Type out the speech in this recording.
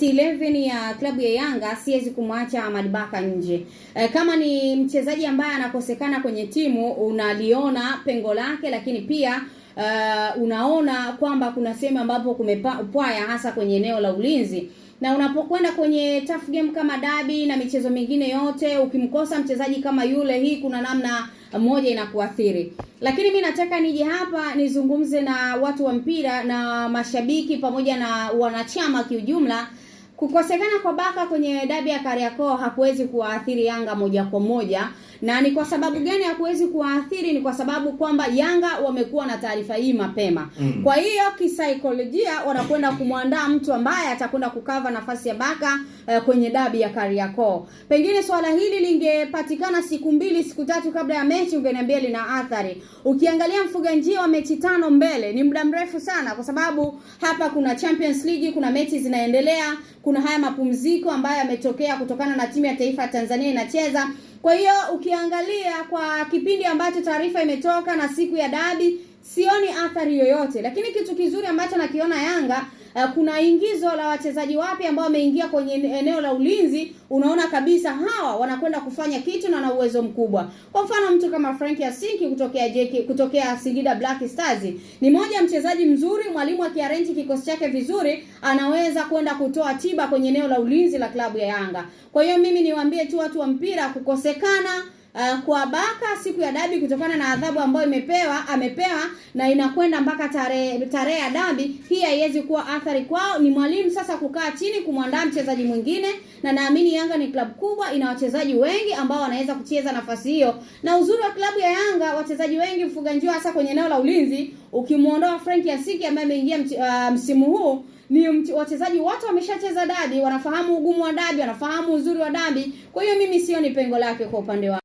best 11 ya klabu ya Yanga siwezi kumwacha Ahmad Baka nje. E, kama ni mchezaji ambaye anakosekana kwenye timu unaliona pengo lake, lakini pia uh, unaona kwamba kuna sehemu ambapo kumepwaya hasa kwenye eneo la ulinzi na unapokwenda kwenye tough game kama dabi na michezo mingine yote, ukimkosa mchezaji kama yule, hii kuna namna moja inakuathiri. Lakini mi nataka nije hapa nizungumze na watu wa mpira na mashabiki pamoja na wanachama kiujumla Kukosekana kwa Baka kwenye dabi ya Kariakoo hakuwezi kuwaathiri Yanga moja kwa moja, na ni kwa sababu gani hakuwezi kuwaathiri? Ni kwa sababu kwamba Yanga wamekuwa na taarifa hii mapema mm. Kwa hiyo kisaikolojia wanakwenda kumwandaa mtu ambaye atakwenda kukava nafasi ya Baka uh, eh, kwenye dabi ya Kariakoo. Pengine swala hili lingepatikana siku mbili siku tatu kabla ya mechi, ungeniambia lina athari. Ukiangalia mfuga njia wa mechi tano mbele ni muda mrefu sana, kwa sababu hapa kuna Champions League, kuna mechi zinaendelea kuna haya mapumziko ambayo yametokea kutokana na timu ya taifa ya Tanzania inacheza. Kwa hiyo ukiangalia kwa kipindi ambacho taarifa imetoka na siku ya dabi, sioni athari yoyote, lakini kitu kizuri ambacho nakiona Yanga uh, kuna ingizo la wachezaji wapya ambao wameingia kwenye eneo la ulinzi, unaona kabisa hawa wanakwenda kufanya kitu na na uwezo mkubwa. Kwa mfano mtu kama Frank Yasinki kutokea JK, kutokea Singida Black Stars ni moja mchezaji mzuri, mwalimu akiarrange kikosi chake vizuri, anaweza kwenda kutoa tiba kwenye eneo la ulinzi la klabu ya Yanga. Kwa hiyo mimi niwaambie tu watu wa mpira kukosekana Uh, kwa Baka siku ya dabi kutokana na adhabu ambayo imepewa amepewa na inakwenda mpaka tarehe tarehe ya dabi, hii haiwezi kuwa afya athari kwao ni mwalimu sasa kukaa chini kumwandaa mchezaji mwingine, na naamini Yanga ni klabu kubwa, ina wachezaji wengi ambao wanaweza kucheza nafasi hiyo. Na uzuri wa klabu ya Yanga, wachezaji wengi mfuga njio, hasa kwenye eneo la ulinzi, ukimwondoa Frank Yasiki ambaye ameingia uh, msimu huu ni wachezaji wote wameshacheza dabi, wanafahamu ugumu wa dabi, wanafahamu uzuri wa dabi. Kwa hiyo mimi sioni pengo lake kwa upande wa